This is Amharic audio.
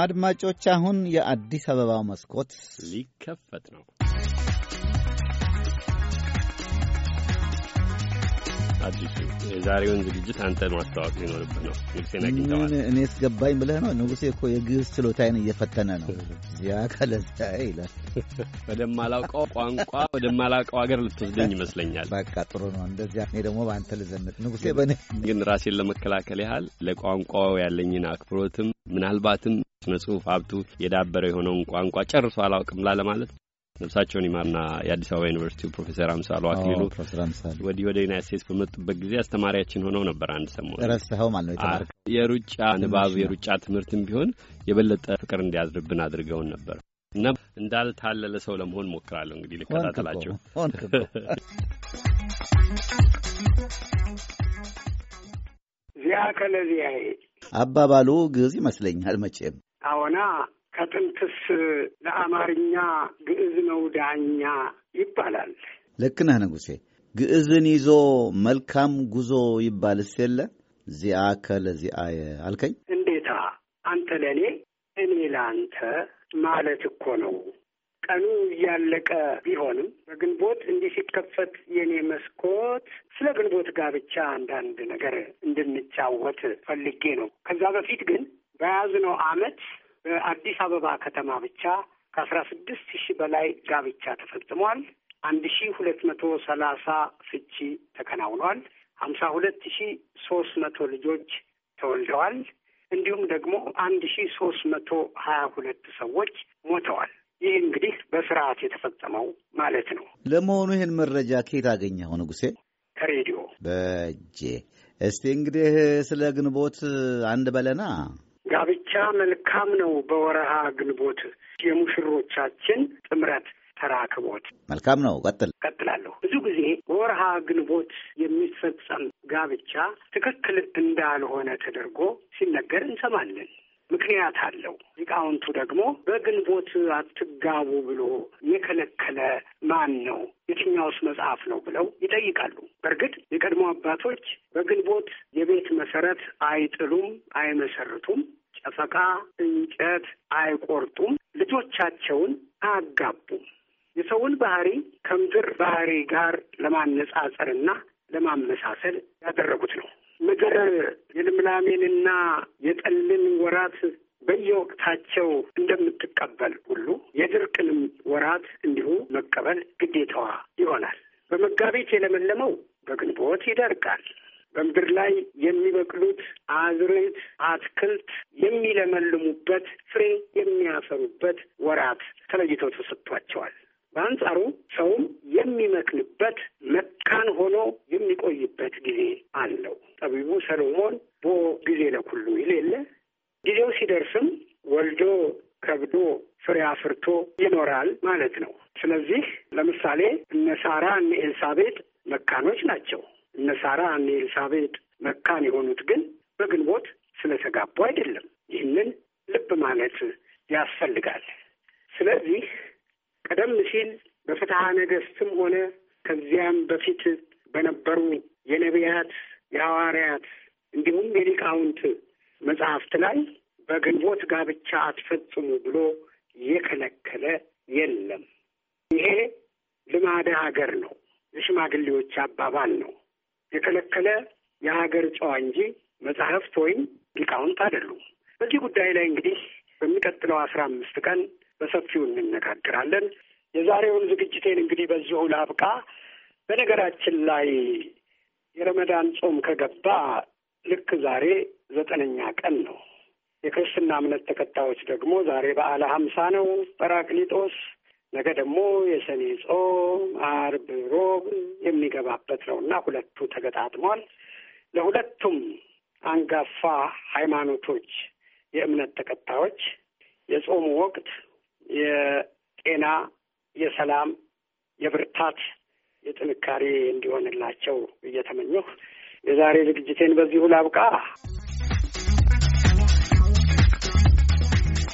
አድማጮች አሁን የአዲስ አበባው መስኮት ሊከፈት ነው። አዲሱ የዛሬውን ዝግጅት አንተ ማስተዋወቅ ሊኖርብህ ነው። ንጉሴን አግኝተዋል። እኔ እስገባኝ ብለህ ነው። ንጉሴ እኮ የግዕዝ ችሎታዬን እየፈተነ ነው። እዚያ ከለዚያ ይላል። ወደማላውቀው ቋንቋ ወደማላውቀው ሀገር ልትወስደኝ ይመስለኛል። በቃ ጥሩ ነው እንደዚያ። እኔ ደግሞ በአንተ ልዘምጥ። ንጉሴ በእኔ ግን ራሴን ለመከላከል ያህል ለቋንቋው ያለኝን አክብሮትም ምናልባትም ስነ ጽሁፍ ሀብቱ የዳበረ የሆነውን ቋንቋ ጨርሶ አላውቅም ላለማለት ነብሳቸውን ይማርና የአዲስ አበባ ዩኒቨርሲቲ ፕሮፌሰር አምሳሉ አክሊሉ ወዲህ ወደ ዩናይት ስቴትስ በመጡበት ጊዜ አስተማሪያችን ሆነው ነበር። አንድ ሰሞን ረስተኸው ማለት ነው። የሩጫ ንባብ የሩጫ ትምህርትም ቢሆን የበለጠ ፍቅር እንዲያድርብን አድርገውን ነበር እና እንዳልታለለ ሰው ለመሆን ሞክራለሁ። እንግዲህ ልከታተላቸው ዚያ ከለዚያ አባባሉ ግዕዝ ይመስለኛል መቼም አዎና ከጥንትስ ለአማርኛ ግዕዝ ነው ዳኛ ይባላል። ልክ ነህ ንጉሴ። ግዕዝን ይዞ መልካም ጉዞ ይባልስ የለ ዚአ ከለዚአየ አልከኝ። እንዴታ አንተ ለእኔ እኔ ለአንተ ማለት እኮ ነው። ቀኑ እያለቀ ቢሆንም በግንቦት እንዲህ ሲከፈት የኔ መስኮት ስለ ግንቦት ጋብቻ አንዳንድ ነገር እንድንጫወት ፈልጌ ነው። ከዛ በፊት ግን በያዝነው ዓመት በአዲስ አበባ ከተማ ብቻ ከአስራ ስድስት ሺህ በላይ ጋብቻ ተፈጽሟል። አንድ ሺ ሁለት መቶ ሰላሳ ፍቺ ተከናውኗል። ሀምሳ ሁለት ሺ ሶስት መቶ ልጆች ተወልደዋል። እንዲሁም ደግሞ አንድ ሺ ሶስት መቶ ሀያ ሁለት ሰዎች ሞተዋል። ይህ እንግዲህ በስርዓት የተፈጸመው ማለት ነው። ለመሆኑ ይህን መረጃ ከየት አገኘኸው ንጉሴ? ከሬዲዮ በእጄ። እስቲ እንግዲህ ስለ ግንቦት አንድ በለና ጋብ ብቻ መልካም ነው። በወረሃ ግንቦት የሙሽሮቻችን ጥምረት ተራክቦት መልካም ነው። ቀጥል ቀጥላለሁ። ብዙ ጊዜ በወርሃ ግንቦት የሚፈጸም ጋብቻ ትክክል እንዳልሆነ ተደርጎ ሲነገር እንሰማለን። ምክንያት አለው። ሊቃውንቱ ደግሞ በግንቦት አትጋቡ ብሎ የከለከለ ማን ነው? የትኛውስ መጽሐፍ ነው? ብለው ይጠይቃሉ። በእርግጥ የቀድሞ አባቶች በግንቦት የቤት መሰረት አይጥሉም፣ አይመሰርቱም ጨፈካ፣ እንጨት አይቆርጡም፣ ልጆቻቸውን አያጋቡም። የሰውን ባህሪ ከምድር ባህሪ ጋር ለማነጻጸርና ለማመሳሰል ያደረጉት ነው። ምድር የልምላሜንና የጠልን ወራት በየወቅታቸው እንደምትቀበል ሁሉ የድርቅንም ወራት እንዲሁ መቀበል ግዴታዋ ይሆናል። በመጋቢት የለመለመው በግንቦት ይደርቃል። በምድር ላይ የሚበቅሉት አዝርዕት፣ አትክልት የሚለመልሙበት ፍሬ የሚያፈሩበት ወራት ተለይቶ ተሰጥቷቸዋል። በአንጻሩ ሰውም የሚመክንበት መካን ሆኖ የሚቆይበት ጊዜ አለው። ጠቢቡ ሰሎሞን ቦ ጊዜ ለኩሉ ይል የለ ጊዜው ሲደርስም ወልዶ ከብዶ ፍሬ አፍርቶ ይኖራል ማለት ነው። ስለዚህ ለምሳሌ እነ ሳራ እነ ኤልሳቤጥ መካኖች ናቸው። እነ ሳራ እነ ኤልሳቤጥ መካን የሆኑት ግን በግንቦት ስለተጋቡ አይደለም። ይህንን ልብ ማለት ያስፈልጋል። ስለዚህ ቀደም ሲል በፍትሐ ነገሥትም ሆነ ከዚያም በፊት በነበሩ የነቢያት የሐዋርያት እንዲሁም የሊቃውንት መጽሐፍት ላይ በግንቦት ጋብቻ አትፈጽሙ ብሎ የከለከለ የለም። ይሄ ልማደ ሀገር ነው። የሽማግሌዎች አባባል ነው። የከለከለ የሀገር ጨዋ እንጂ መጽሐፍት ወይም ሊቃውንት አይደሉም። በዚህ ጉዳይ ላይ እንግዲህ በሚቀጥለው አስራ አምስት ቀን በሰፊው እንነጋገራለን። የዛሬውን ዝግጅቴን እንግዲህ በዚሁ ላብቃ። በነገራችን ላይ የረመዳን ጾም ከገባ ልክ ዛሬ ዘጠነኛ ቀን ነው። የክርስትና እምነት ተከታዮች ደግሞ ዛሬ በዓለ ሀምሳ ነው። ጰራቅሊጦስ ነገ ደግሞ የሰኔ ጾም አርብ፣ ሮብ የሚገባበት ነው እና ሁለቱ ተገጣጥሟል። ለሁለቱም አንጋፋ ሃይማኖቶች የእምነት ተከታዮች የጾሙ ወቅት የጤና፣ የሰላም፣ የብርታት፣ የጥንካሬ እንዲሆንላቸው እየተመኘሁ የዛሬ ዝግጅቴን በዚሁ ላብቃ።